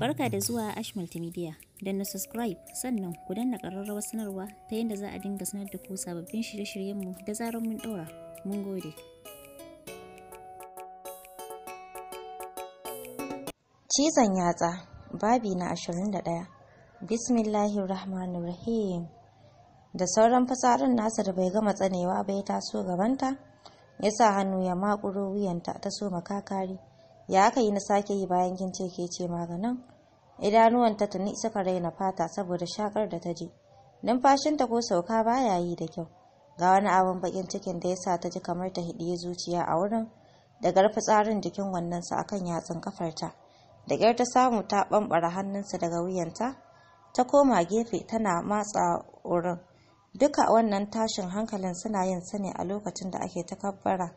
Barka da zuwa Ash Multimedia. Don na subscribe sannan ku danna ƙararrawar sanarwa ta yadda za a dinga sanar da ku sababbin shirye-shiryenmu da zarar mun ɗora. Mun gode. Cizon yatsa babi na 21 Bismillahir Rahmanir Rahim da sauran fasarin nasa da bai gama tsanewa bai taso gabanta ya sa hannu ya makuro wuyanta ta so makakari ya aka yi na sake yi bayan kin ce ke ce maganin idanuwan ta tuni suka raina fata saboda shakar da ta je numfashinta ko sauka baya yi da kyau ga wani abin bakin cikin da ya sa ta ji kamar ta hidiye zuciya a wurin da garfi tsarin jikin wannansa akan yatsun kafarta da ƙyar ta samu ta ɓamɓara hannunsa daga wuyanta ta koma gefe tana matsa wurin duka wannan tashin hankalin suna yin sani a lokacin da ake takabbara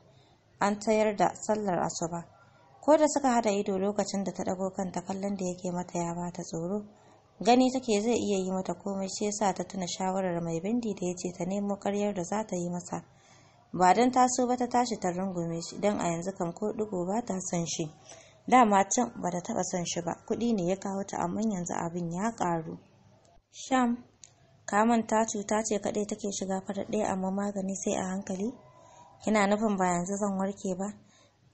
an tayar da sallar asuba ko da suka hada ido lokacin da ta dago kanta kallon da yake mata ya bata tsoro gani take zai iya yi mata komai shi yasa ta tuna shawarar mai bindi da ya ce ta nemo karyar da za ta yi masa ba don so ba ta tashi ta rungume shi don a yanzu kam ko digo ba ta son shi dama can ba ta taba son shi ba kuɗi ne ya kawo ta amma yanzu abin ya karu sham kamun ta cuta ce kaɗai take shiga fara ɗaya amma magani sai a hankali kina nufin ba yanzu zan warke ba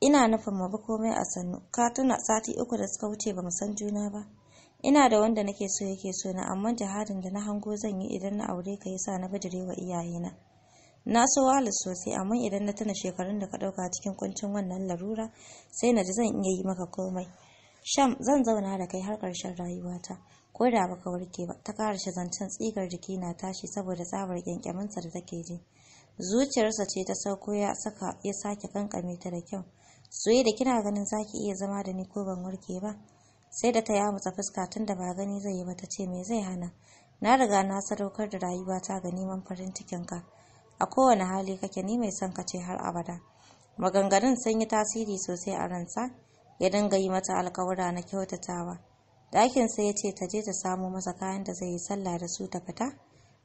ina nufin mu komai a sannu ka tuna sati uku da suka wuce ba san juna ba ina da wanda nake so yake so na amma jihadin da na hango zan yi idan na aure ka yasa na bijire wa iyayena na so wahala sosai amma idan na tuna shekarun da ka dauka cikin kuncin wannan larura sai na ji zan iya yi maka komai sham zan zauna da kai har karshen rayuwata ko da baka warke ba ta karashe zancen tsigar jiki na tashi saboda tsabar kyankyaminsa da take ji zuciyarsa ce ta sauko ya saka ya sake kankame ta da kyau soye da kina ganin zaki iya zama da ni ko ban warke ba sai da ta yi mutsa fuska tun da ba gani zai yi ba ta ce me zai hana na riga na sadaukar da rayuwata ga neman farin cikin ka a kowane hali kake ni mai son ka ce har abada maganganun sun yi tasiri sosai a ransa ya dinga yi mata alkawura na kyautatawa dakin sai ya ce ta je ta samo masa kayan da zai yi sallah da su ta fita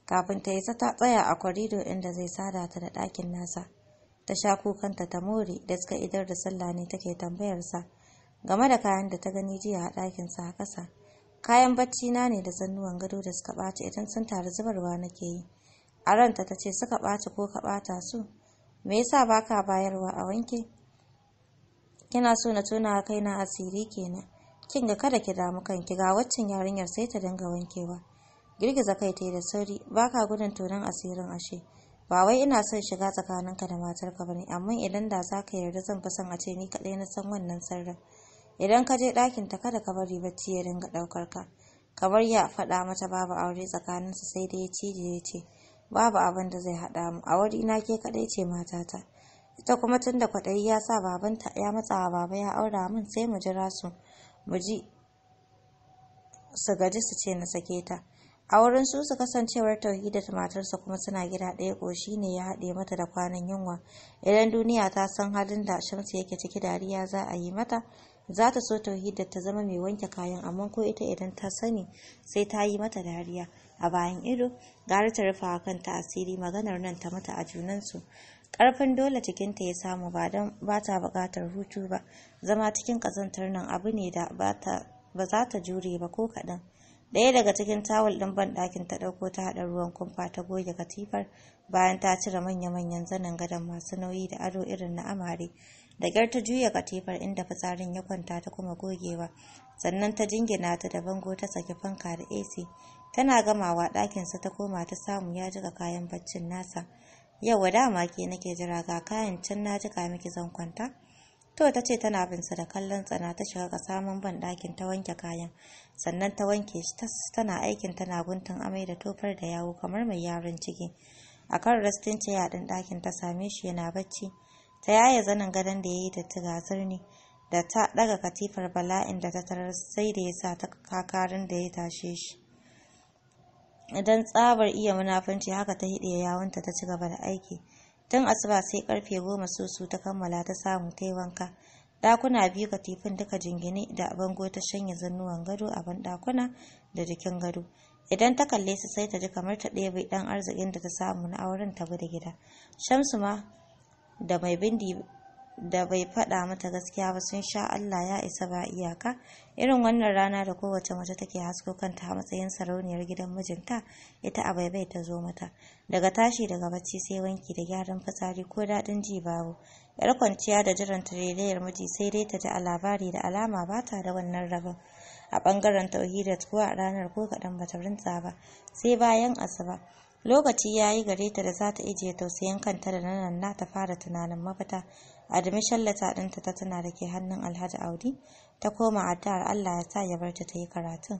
kafin ta isa ta tsaya a kwarido inda zai sada ta da ɗakin nasa ta sha kukanta ta more da suka idar da sallah ne take tambayarsa game da kayan da ta gani jiya a ɗakin sa ƙasa kayan bacci na ne da zannuwan gado da suka ɓata idan sun taru zubarwa nake yi a ranta ta ce suka ɓata ko ka ɓata su me yasa baka bayarwa a wanke kina so na tona kai na asiri kenan kin ga kada ki damu kanki ga waccan yarinyar sai ta dinga wankewa girgiza kai ta da sauri baka gudun tonon asirin ashe ba wai ina son shiga tsakaninka da matarka ba ne amma idan da za ka yarda zan fi son a ce ni kaɗai na san wannan sirrin idan ka je ɗakin ta kada ka bari bacci ya dinga ɗaukar ka kamar ya faɗa mata babu aure tsakaninsu sai dai ya cije ya ce babu abin da zai haɗa mu a wuri na ke kaɗai ce matata ita kuma tun da kwaɗayi ya sa babanta ya matsa wa baba ya aura min sai mu jira su mu ji su gaji su ce na sake ta a wurin su su kasancewar tauhida da matarsa kuma suna gida ɗaya ƙoshi ne ya haɗe mata da kwanan yunwa idan duniya ta san halin da shamsu yake ciki dariya za a yi mata za ta so tauhida ta zama mai wanke kayan amma ko ita idan ta sani sai ta yi mata dariya a bayan ido gara ta rufa ta asiri maganar nan ta mata a junan su karfin dole cikinta ya samu ba don ba ta buƙatar hutu ba zama cikin ƙazantar nan abu ne da ba za ta jure ba ko kaɗan daya daga cikin tawul ɗin banɗakin ta ɗauko ta haɗa ruwan kumfa ta goge katifar bayan ta cire manya-manyan zanen gadon masu nauyi da ado irin na amare da ƙyar ta juya katifar inda fitsarin ya kwanta ta kuma gogewa sannan ta jingina ta da bango ta saki fanka da ac tana gamawa sa ta koma ta samu ya jika kayan baccin nasa yau dama ke nake jira ga kayan can na jika miki zan kwanta To ta ce tana binsa da kallon tsana ta shiga ga samun ban ɗakin ta wanke kayan, sannan ta wanke shi tas tana aikin tana guntun amai da tofar da yawo kamar mai yaron ciki. A kan rastin ce yaɗin ɗakin ta same shi yana bacci, ta yaya zanin gadon da ya yi datti gasar ne, da ta ɗaga katifar bala'in da ta tarar sai da ya sa ta kakarin da ya tashe shi. Idan tsabar iya munafunci haka ta hiɗe yawunta ta ci gaba da aiki. tun asuba sai karfe goma susu ta kammala ta samu ta yi wanka dakuna biyu katifin duka jingine da bango ta shanya zannuwan gado a banɗakuna da jikin gado idan ta kalle su sai ta ji kamar ta ɗebe ɗan arzikin da ta samu na auren ta da gida shamsu ma da mai bindi da bai faɗa mata gaskiya ba sun sha Allah ya isa ba iyaka irin wannan rana da kowace mace take hasko kanta a matsayin sarauniyar gidan mijinta ita a baibai ta zo mata daga tashi daga bacci sai wanki da gyaran fitsari ko daɗin ji babu yar kwanciya da jiran tarayyar miji sai dai ta ji a labari da alama ba ta da wannan rabon a ɓangaren tauhidat ko a ranar ko kaɗan bata rinta ba sai bayan asuba lokaci ya yi gare ta da za ta ijiye tausayin kanta da nanana ta fara tunanin mafita admission letter ɗinta ta tana da ke hannun alhaji audi ta koma addu'ar allah ya sa ya bar ta ta yi karatun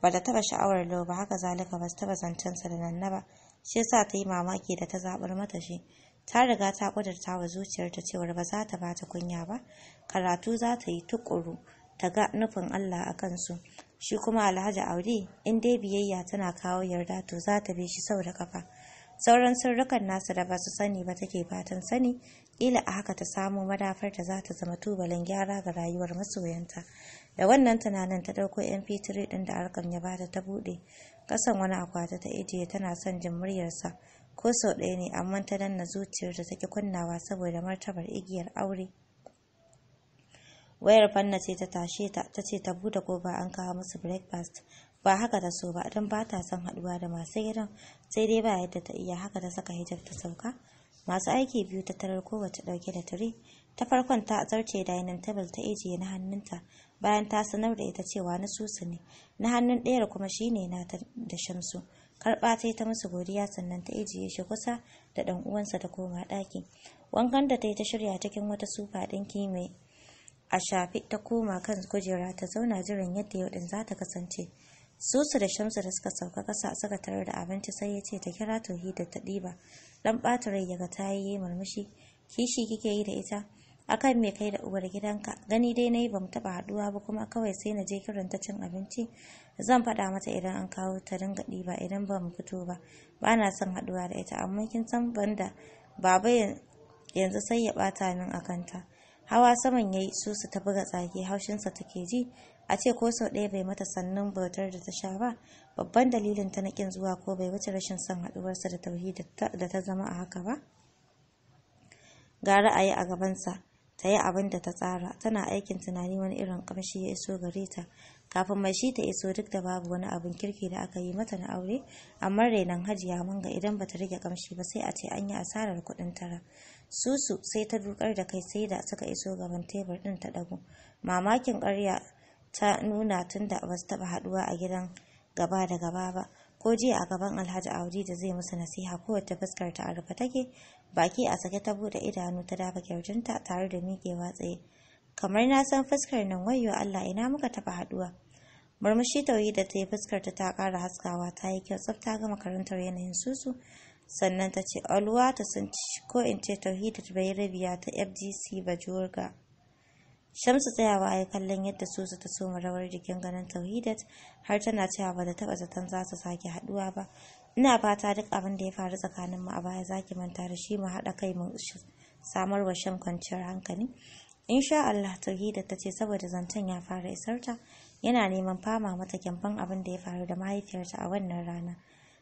ba ta taɓa sha'awar lo ba haka zalika ba su taɓa zancensa da nan ba shi sa ta yi mamaki da ta zaɓar mata shi ta riga ta ƙudurta wa zuciyarta cewar ba za ta bata kunya ba karatu za ta yi tuƙuru ta ga nufin allah a kansu shi kuma alhaji audi in dai biyayya tana kawo yarda to za ta bi shi sau da kafa sauran sirrukan nasa da ba su sani ba take fatan sani ƙila a haka ta samu madafar da za ta zama tubalin gyara ga rayuwar masoyanta da wannan tunanin ta ɗauko mp3 ɗin da arkan ya bata ta buɗe kasan wani akwati ta ijiye tana son jin muryarsa ko sau ɗaya ne amma ta danna zuciyar da take kunnawa saboda martabar igiyar aure wayar fanna ce ta tashe ta ta ce ta bude goba an kawo musu breakfast ba haka da so ba don ba ta son haɗuwa da masu gidan sai dai ba yadda ta iya haka ta saka hijab ta sauka masu aiki biyu ta tarar kowace ɗauke da tiri ta farkon ta zarce dining table ta ajiye na hannunta bayan ta sanar da ita cewa na susu ne na hannun ɗayar kuma shine na da shamsu karɓa ta yi ta musu godiya sannan ta ajiye shi kusa da ɗan uwansa ta koma ɗaki wankan da ta yi ta shirya cikin wata sufa ɗinki mai a shafi ta koma kan kujera ta zauna jiran yadda yau ɗin za ta kasance Susu da Shamsu da suka sauka kasa suka tarar da abinci sai ya ce ta kira Tauhida ta ɗiba. Dan ɓata rai yaga ta yi murmushi. Kishi kike yi da ita? akan me kai da uwar gidanka gani dai nayi bamu taba haɗuwa ba kuma kawai sai na je kiran ta cin abinci zan faɗa mata idan an kawo ta ringa ɗiba idan ba mu fito ba ba na son haɗuwa da ita amma kin san banda baba yanzu sai ya bata min akanta kanta hawa saman yayi su su ta buga tsaki haushinsa take ji a ce ko sau ɗaya bai mata sannan bautar da ta sha ba babban dalilin ta na ƙin zuwa ko bai wuce rashin son haɗuwarsa da tauhidi da ta zama a haka ba ga ra'ayi a gabansa ta yi abin da ta tsara tana aikin tunani wani irin kamshi ya iso gare ta kafin mai shi ta iso duk da babu wani abin kirki da aka yi mata na aure amma renon hajiya manga idan ba ta rage kamshi ba sai a ce an yi asarar kuɗin tara susu sai ta dukar da kai sai da suka iso gaban tebur ɗin ta ɗago mamakin karya. ta nuna tun da ba su taɓa haɗuwa a gidan gaba da gaba ba ko jiya a gaban alhaji audi da zai musu nasiha ko kowace fuskar ta a take baki a sake ta bude idanu ta dafa kyaujinta tare da miƙewa tsaye kamar na san fuskar nan wayo, allah ina muka taɓa haɗuwa murmushi tauyi da ta yi fuskar ta ta ƙara haskawa ta yi kyau tsafta ga makarantar yanayin susu sannan ta ce olwa ta sun ko in ce da ta bai rabiya ta fdc bajorga Shamsu tsayawa ya kallon yadda Susu ta so mu rawar jikin ganin Tauhidat har tana cewa ba da taba zaton za su sake haduwa ba. Ina fata duk abin da ya faru tsakanin mu a baya zaki manta da shi mu haɗa kai mu samar wa shan kwanciyar hankali. Insha Allah Tauhidat ta ce saboda zancen ya fara isarta yana neman fama mata kyamfan abin da ya faru da mahaifiyarta a wannan rana.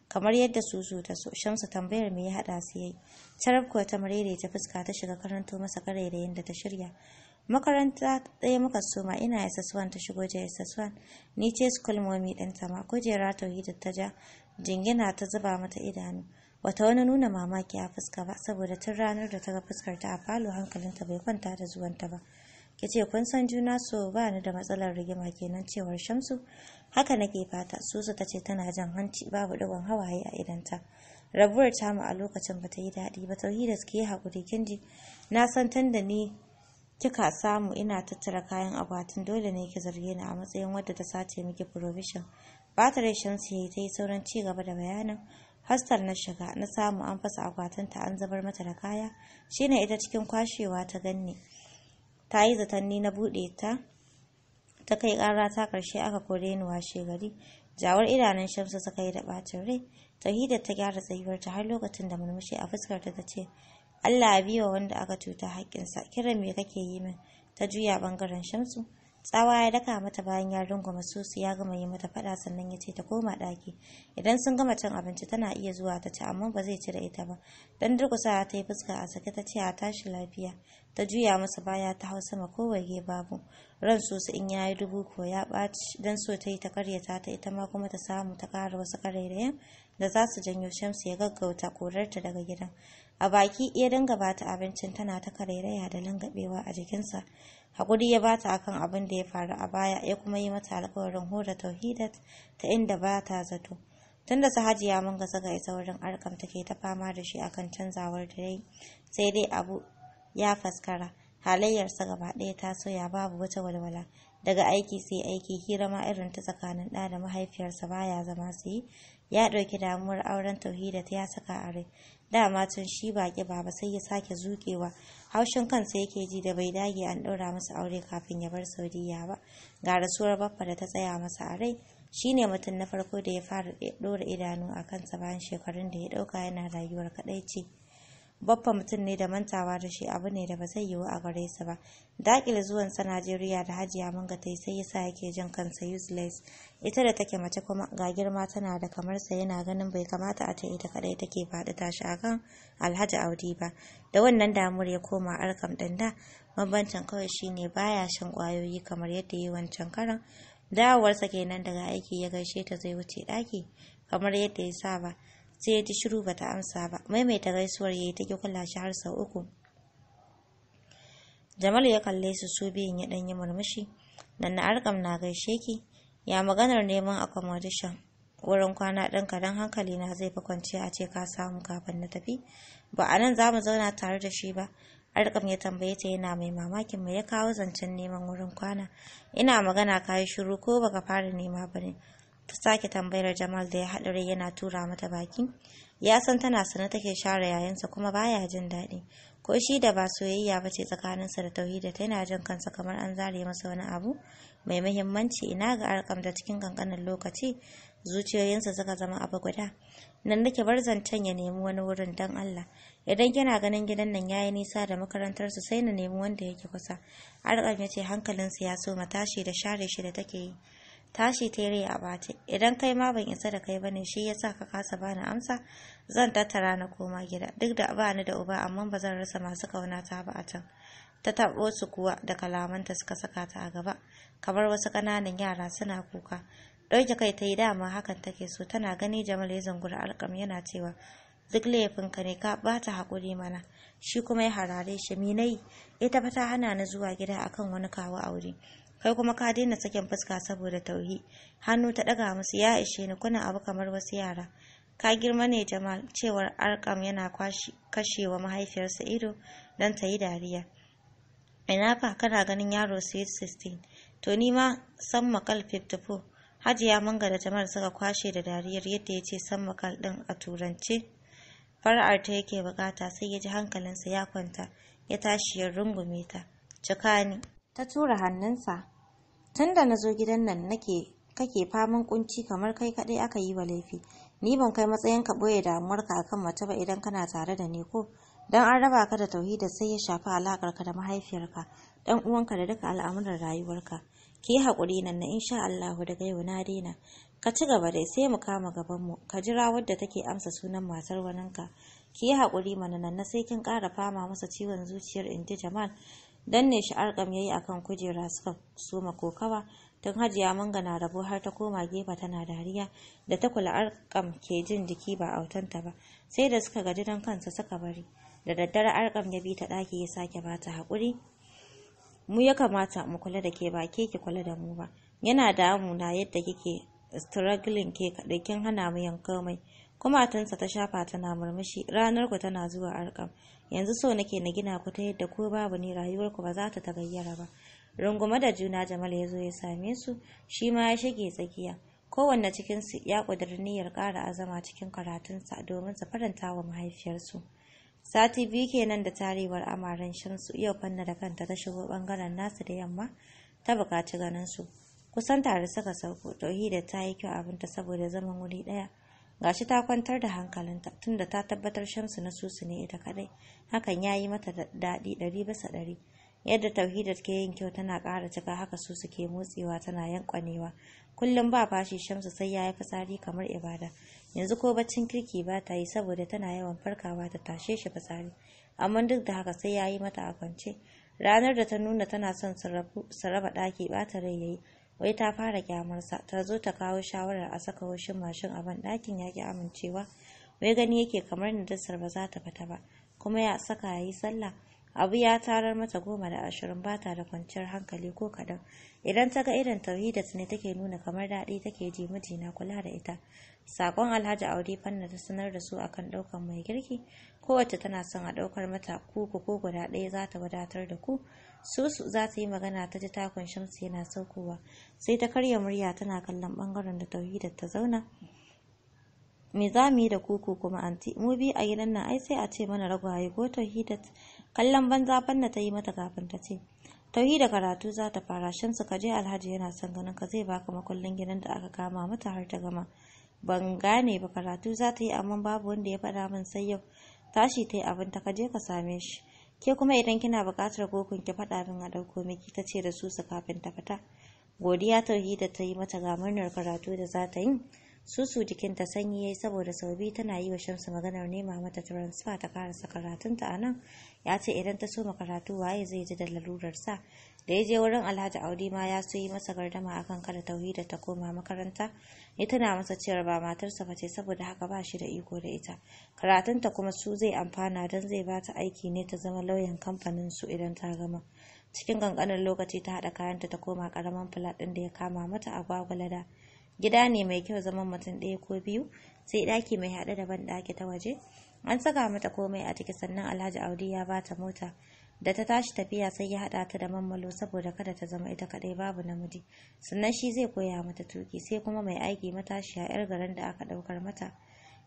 kamar yadda susu ta so shamsu tambayar me ya hada su yayi tarab ta marere ta fuska ta shiga karanto masa karairayin da ta shirya makaranta ɗaya muka soma ina ss1 ta shigo da ss1 ni ce school momi ɗinta ma kujera tauhida ta ja jingina ta zuba mata idanu wata wani nuna mamaki a fuska ba saboda tun ranar da ta ga fuskar ta a falo hankalinta bai kwanta da zuwanta ba ki ce kun san juna so ba ni da matsalar rigima kenan cewar shamsu haka nake fata susu ta ce tana jan hanci babu ɗigon hawaye a idanta rabuwar ta tamu a lokacin ba ta yi daɗi ba tauhida suke hakuri haƙuri kin na san tan da ni kika samu ina tattara kayan akwatin dole ne ki zarge ni a matsayin wadda ta sace miki provision batare shamsu ya yi ta yi sauran ci gaba da bayanin hastar na shiga na samu an fasa akwatinta an zabar mata da kaya shine ita cikin kwashewa ta ganni ta yi zatanni na buɗe ta ta kai ƙara ta karshe aka kore ni washe gari jawar idanun shamsu suka yi da ɓacin rai tahida ta gyara tsayuwar ta har lokacin da murmushi a fuskarta ta ce Allah ya biya wanda aka cuta haƙƙinsa kiran me kake yi min ta juya bangaren Shamsu tsawa ya daka mata bayan ya runguma sosai ya gama yi mata fada sannan ya ce ta koma ɗaki idan sun gama cin abinci tana iya zuwa ta ci amma ba zai ci da ita ba don durkusawa ta yi fuska a sake ta ce a tashi lafiya ta juya masa baya ta hau sama ko wage babu ran sosa in ya yi dubu ko ya ɓaci don so ta yi ta karyata ta ita ma kuma ta samu ta ƙara wasu karairayen da za su janyo shamsu ya gaggauta korarta daga gidan a baki iya dinga ta abincin tana ta karairaya da langabewa a jikinsa hakuri ya bata akan abin da ya faru a baya ya kuma yi mata alƙawarin hura tauhidat ta inda ba ta zato tunda sahaji ya ga ga isa wurin arkam take ta fama da shi akan canzawar da sai dai abu ya faskara halayyarsa gaba ɗaya ta soya babu wata walwala daga aiki sai aiki hira ma irin ta tsakanin ɗa da mahaifiyarsa baya zama su yi ya ɗauki damuwar auren tauhida ta ya saka a rai dama tun shi baƙi ba sai ya sake zuƙewa haushin kansa yake ji da bai dage an ɗaura masa aure kafin ya bar Saudiyya ba ga rasuwar baffa da ta tsaya masa a rai ne mutum na farko da ya fara ɗora idanu a kansa bayan shekarun da ya ɗauka yana rayuwar kaɗaici. Baffa mutum ne da mantawa da shi abu ne da ba zai yiwu a gare su ba. zuwan sa Najeriya da Hajiya Manga ta yi sai yasa yake jin kansa useless. Ita da take mace kuma ga girma tana da kamar sa yana ganin bai kamata a ce ita kadai take faɗi tashi akan Alhaji Audi ba. Da wannan damuwar ya koma arkam ɗin da bambancin kawai shine baya shan kwayoyi kamar yadda yi wancan karan. Dawowarsa kenan daga aiki ya gaishe ta zai wuce ɗaki kamar yadda ya saba. sai ya ji shiru ta amsa ba maimaita gaisuwar yayi ta ki kula shi har sau uku Jamal ya kalle su su biyun ya ɗanyi murmushi nan na arkam na gaishe ki ya maganar neman accommodation wurin kwana ɗan kadan hankali na zai fi kwanciya a ce ka samu kafin na tafi ba a nan za mu zauna tare da shi ba arkam ya tambaye ta yana mai mamakin mai ya kawo zancen neman wurin kwana ina magana ka yi shiru ko baka fara nema ba ne ta sake tambayar Jamal da ya haɗa rai yana tura mata baki. Ya san tana sana take share yayansa kuma baya jin daɗi. Ko shi da ba soyayya ba ce tsakaninsa da tauhida tana jin kansa kamar an zare masa wani abu mai mahimmanci? ina ga arkam da cikin kankanin lokaci zuciyoyinsa suka zama abu guda. Nan nake bar zancen ya nemi wani wurin don Allah. Idan yana ganin gidan nan yayi nisa da makarantar su sai na nemi wanda yake kusa. Arkam ya ce hankalinsa ya so matashi da share shi da take yi. tashi ta rai a bace idan kai ma ban isa da kai bane shi yasa ka kasa bani amsa zan tattara na koma gida duk da ba ni da uba amma ba zan rasa masu kauna ta ba a can ta tabo su kuwa da kalamanta suka saka ta a gaba kamar wasu ƙananan yara suna kuka ɗauke kai ta yi dama hakan take so tana gani jamal ya zangura alƙam yana cewa duk laifin ka ne ka bata haƙuri mana shi kuma ya harare shi minai ita fa ta hana ni zuwa gida akan wani kawo aure kai kuma ka daina sakin fuska saboda tauhi hannu ta daga musu ya ishe ni kuna abu kamar wasu yara ka girma ne jama'a cewar arkam yana kashewa mahaifiyarsa ido don ta yi dariya ina fa kana ganin yaro sweet 16 to ni ma san makal 54 hajiya manga da jama'ar suka kwashe da dariyar yadda ya ce san makal din a Turanci. far'ar ta yake bukata sai ya ji hankalinsa ya kwanta ya tashi ya rungume ta cika ni ta tura hannunsa tun da na zo gidan nan nake kake faman kunci kamar kai kaɗai aka yi wa laifi ni ban kai matsayin ka ɓoye damuwarka akan mace ba idan kana tare da ni ko dan an raba ka da tauhida sai ya shafi alakar ka da mahaifiyarka dan uwanka da duka al'amuran rayuwarka ki yi haƙuri nan na insha Allah daga yau na daina ka ci gaba dai sai mu kama gaban mu ka jira wadda take amsa sunan matar waninka ki yi haƙuri mana nan na sai kin ƙara fama masa ciwon zuciyar inji Jamal danne shi arkam yayi akan kujera suka soma kokawa tun hajiya manga na rabo har ta koma gefe tana dariya da ta kula arkam ke jin jiki ba autanta ba sai da suka gaji don kansa suka bari da daddare arkam ya bi ta ɗaki ya sake bata haƙuri mu ya kamata mu kula da ke ba ke ki kula da mu ba yana damu na yadda kike struggling ke kaɗai kin hana mu yanka mai kumatunsa ta shafa tana murmushi ranar ku tana zuwa arkam yanzu so nake na gina ku ta yadda ko babu ne rayuwarku ku ba za ta tagayyara ba rungume da juna jamal ya zo ya same su shi ma ya shige tsakiya kowanne cikinsu ya ƙudiri niyyar ƙara azama cikin karatunsa domin su faranta wa mahaifiyarsu sati biyu kenan da tarewar amaren su yau fanna da kanta ta shigo ɓangaren nasu da yamma ta bukaci ganin su kusan tare suka sauko tauhida ta yi kyau abinta saboda zaman wuri ɗaya gashi ta kwantar da hankalinta tunda ta tabbatar shamsu na susu ne ita kadai hakan ya yi mata daɗi ɗari bisa ɗari yadda tauhidat ke yin kyau tana ƙara cika haka su ke motsewa tana yankwanewa kullum ba fashi shamsu sai ya yi fitsari kamar ibada yanzu ko baccin kirki ba ta yi saboda tana yawan farkawa ta tashe shi fitsari amma duk da haka sai ya yi mata a kwance ranar da ta nuna tana son su raba ɗaki ɓata rai yayi wai ta fara kyamarsa ta zo ta kawo shawarar a saka washin mashin a ban ɗakin ya ki amincewa wai gani yake kamar nadasar ba za ta fita ba kuma ya saka ya yi sallah abu ya tarar mata goma da ashirin ba ta da kwanciyar hankali ko kaɗan idan ta ga irin tauhidat ne take nuna kamar daɗi take ji mijina kula da ita sakon alhaji audi fanna ta sanar da su akan ɗaukar mai girki kowace tana son a ɗaukar mata kuku ko guda ɗaya za ta wadatar da ku susu za ta yi magana ta ji takun shamsu yana saukowa sai ta karya murya tana kallon ɓangaren da tauhida ta zauna me za mu yi da kuku kuma anti mu bi a gidan nan ai sai a ce mana ragwaye ko tauhidat kallon banza fanna ta yi mata kafin ta ce tauhida karatu za ta fara shamsu ka je alhaji yana son ganin ka zai baka makullin gidan da aka kama mata har ta gama ban gane ba karatu za ta yi amma babu wanda ya faɗa min sai yau tashi ta yi abin ta kaje ka same shi ke kuma idan kina buƙatar gokun ki faɗa min a ɗauko miki ta ce da su su kafin ta fita godiya tauhida ta yi mata ga murnar karatu da za ta yi susu jikinta sanyi ya yi saboda sau biyu tana yi wa shamsu maganar nema mata transfer ta karasa karatunta a nan ya ce idan ta soma karatu waye zai ji da lalurar sa da ya je wurin alhaji audi ma ya so yi masa gardama a akan kada tauhida ta koma makaranta ya tana masa cewar ba matarsa ba ce saboda haka ba shi da iko da ita karatunta kuma su zai amfana don zai ba ta aiki ne ta zama lauyan kamfanin su idan ta gama cikin kankanin lokaci ta haɗa kayanta ta koma ƙaramin flat ɗin da ya kama mata a gwagwalada gida ne mai kyau zaman mutum ɗaya ko biyu sai ɗaki mai haɗe da banɗaki ta waje an saka mata komai a ciki sannan alhaji audi ya ba ta mota da ta tashi tafiya sai ya haɗa ta da mammalo saboda kada ta zama ita kaɗai babu namiji sannan shi zai koya mata tuki sai kuma mai aiki matashiya 'yar garin da aka ɗaukar mata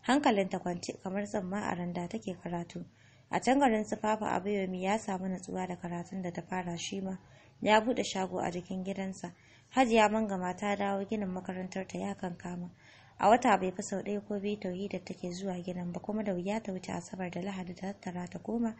hankalinta kwance kamar tsamma a randa take karatu a can garin su fafa abayomi ya samu natsuwa da karatun da ta fara shi ma ya buɗe shago a jikin gidansa Hajiya Mangama ta dawo ginin makarantar ta ya kankama. A wata bai fi sau ɗaya ko biyu da take zuwa ginin ba kuma da wuya ta wuce asabar da lahadi ta tattara ta koma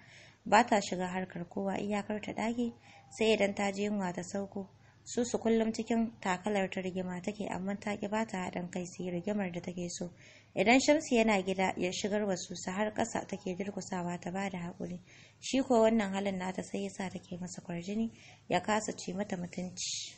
ba ta shiga harkar kowa iyakar ta ɗaki sai idan ta je yunwa ta sauko. Su su kullum cikin takalar ta rigima take amma ta ki ba ta haɗin kai su yi rigimar da take so. Idan Shamsu yana gida ya shigar wa su har ƙasa take durkusawa ta ba da haƙuri. Shi ko wannan halin nata sai ya sa take masa kwarjini ya kasa ci mata mutunci.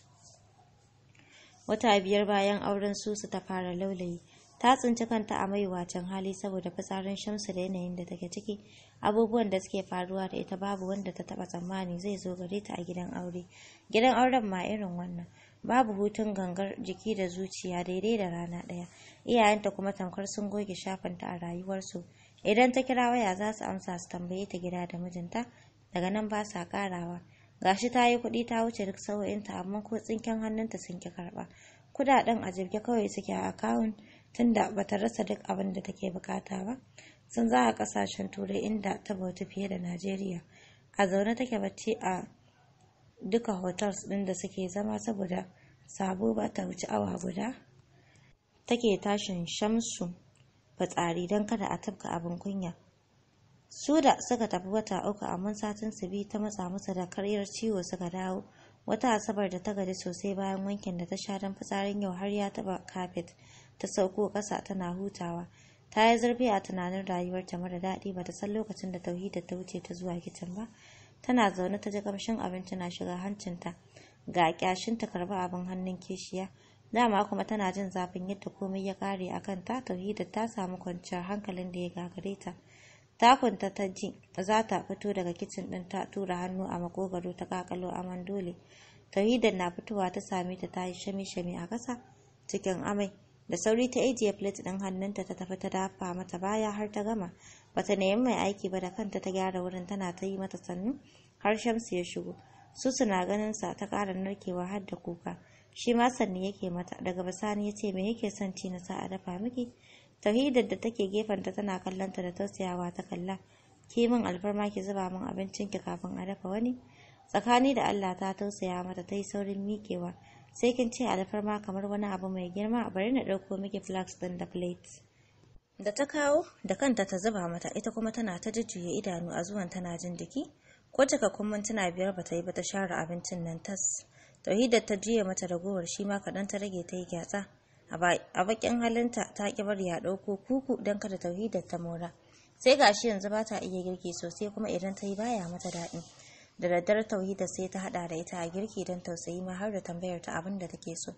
wata biyar bayan auren susu ta fara laulayi ta tsinci kanta a mai wacan hali saboda fitsarin shamsu da yanayin da take ciki abubuwan da suke faruwa da ita babu wanda ta taba tsammani zai zo gare ta a gidan aure gidan auren ma irin wannan babu hutun gangar jiki da zuciya daidai da rana ɗaya iyayenta kuma tamkar sun goge shafanta a rayuwarsu idan ta kira waya za su amsa su tambaye ta gida da mijinta daga nan ba sa karawa gashi ta yi kuɗi ta wuce duk sauyinta amma ko tsinken hannunta sun ki karɓa kuɗaɗen a jirge kawai suke a akawun tunda bata rasa duk abin da take bukata ba sun za a ƙasashen turai inda ta bauta fiye da najeriya a zaune take bacci a duka hotels ɗin da suke zama saboda sabo ba ta wuce awa guda take tashin shamsu fatsari don kada a tafka abin kunya su da suka tafi wata uku amma satin su biyu ta matsa musu da karyar ciwo suka dawo wata asabar da ta gaji sosai bayan wankin da ta sha don fitsarin yau har ya taba kafet ta sauko ƙasa tana hutawa ta yi zurfi a tunanin rayuwarta mara daɗi ba ta san lokacin da tauhida ta wuce ta zuwa kicin ba tana zaune ta ji kamshin abinci na shiga hancinta ga kyashin ta karba abin hannun kishiya dama kuma tana jin zafin yadda komai ya kare a kanta tauhida ta samu kwanciyar hankalin da ya gagare ta takunta ta ji za ta fito daga kicin ɗin ta tura hannu a makogaro ta kakalo aman dole tauhidan na fitowa ta same ta ta yi shami-shami a ƙasa cikin amai da sauri ta ajiye plate ɗin hannunta ta tafi ta dafa mata baya har ta gama bata nemi mai aiki ba da kanta ta gyara wurin tana ta yi mata sannu har shamsu ya shigo susu na ganin sa ta kara narkewa har da kuka shi ma sanni yake mata daga bisani ya ce me yake son ci na sa a dafa miki tauhidar da take gefenta tana kallonta da tausayawa ta kalla ki min alfarma ki zuba min abincin ki kafin a dafa wani tsakani da Allah ta tausaya mata ta yi saurin mikewa sai kin ce alfarma kamar wani abu mai girma bari na ɗauko miki flax din da plates da ta kawo da kanta ta zuba mata ita kuma tana ta jujjuya idanu a zuwan tana jin jiki ko cikakkun mintuna biyar ba ta yi ba ta share abincin nan tas tauhidar ta juya mata ragowar shi ma kaɗan ta rage ta yi gyatsa a bakin halinta ta ki bari ya ɗauko kuku don kada tauhidar ta mora sai gashi yanzu ba ta iya girki sosai kuma idan ta yi baya mata daɗi da daddare tauhida sai ta haɗa da ita a girki don tausayi ma har da tambayar ta abin da take so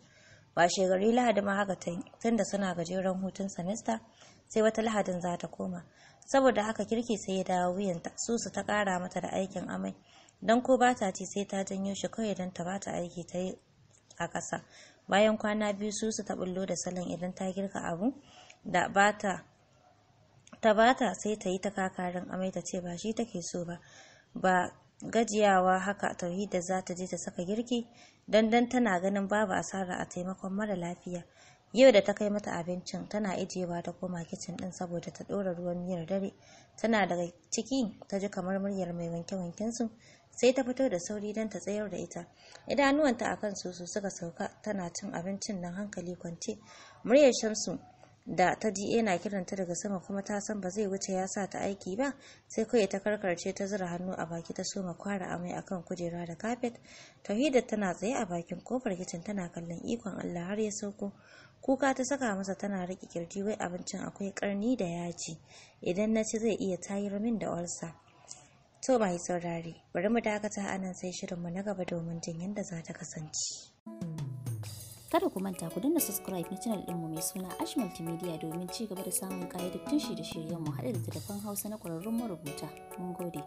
ba shegari lahadi ma haka tun da suna gajeren hutun semester sai wata lahadin za ta koma saboda haka kirki sai ya dawo wuyanta su su ta kara mata da aikin amai don ko ba ta ci sai ta janyo shi kawai don ta ba ta aiki ta yi a ƙasa bayan kwana biyu su su taɓullo da salon idan ta girka abu da bata ta bata sai ta yi ta kakarin amai ta ce ba shi take so ba ba gajiyawa haka tauhida za ta je ta saka girki dandan tana ganin babu asara a taimakon mara lafiya yau da ta kai mata abincin tana ijewa ta koma kicin din saboda ta ɗora ruwan miyar dare tana daga ciki ta ji kamar muryar mai wanke wanken su sai ta fito da sauri don ta tsayar da ita idanuwanta a kan susu suka sauka tana cin abincin nan hankali kwance muryar shamsu da ta ji yana kiranta daga sama kuma ta san ba zai wuce ya sa ta aiki ba sai kawai ta karkarce ta zura hannu a baki ta soma kwara amai akan kujera da kafet tauhidat tana tsaye a bakin kofar kicin tana kallon ikon allah har ya sauko kuka ta saka masa tana riƙe kirji wai abincin akwai ƙarni da yaji idan na ci zai iya tayar min da olsa to mai saurare bari mu dakata a nan sai shirinmu na gaba domin jin yadda za ta kasance kada ku manta ku danna subscribe na channel ɗinmu mai suna ash multimedia domin ci gaba da samun ƙayyadattun da shiryenmu haɗe da telefon hausa na ƙwararrun marubuta mun gode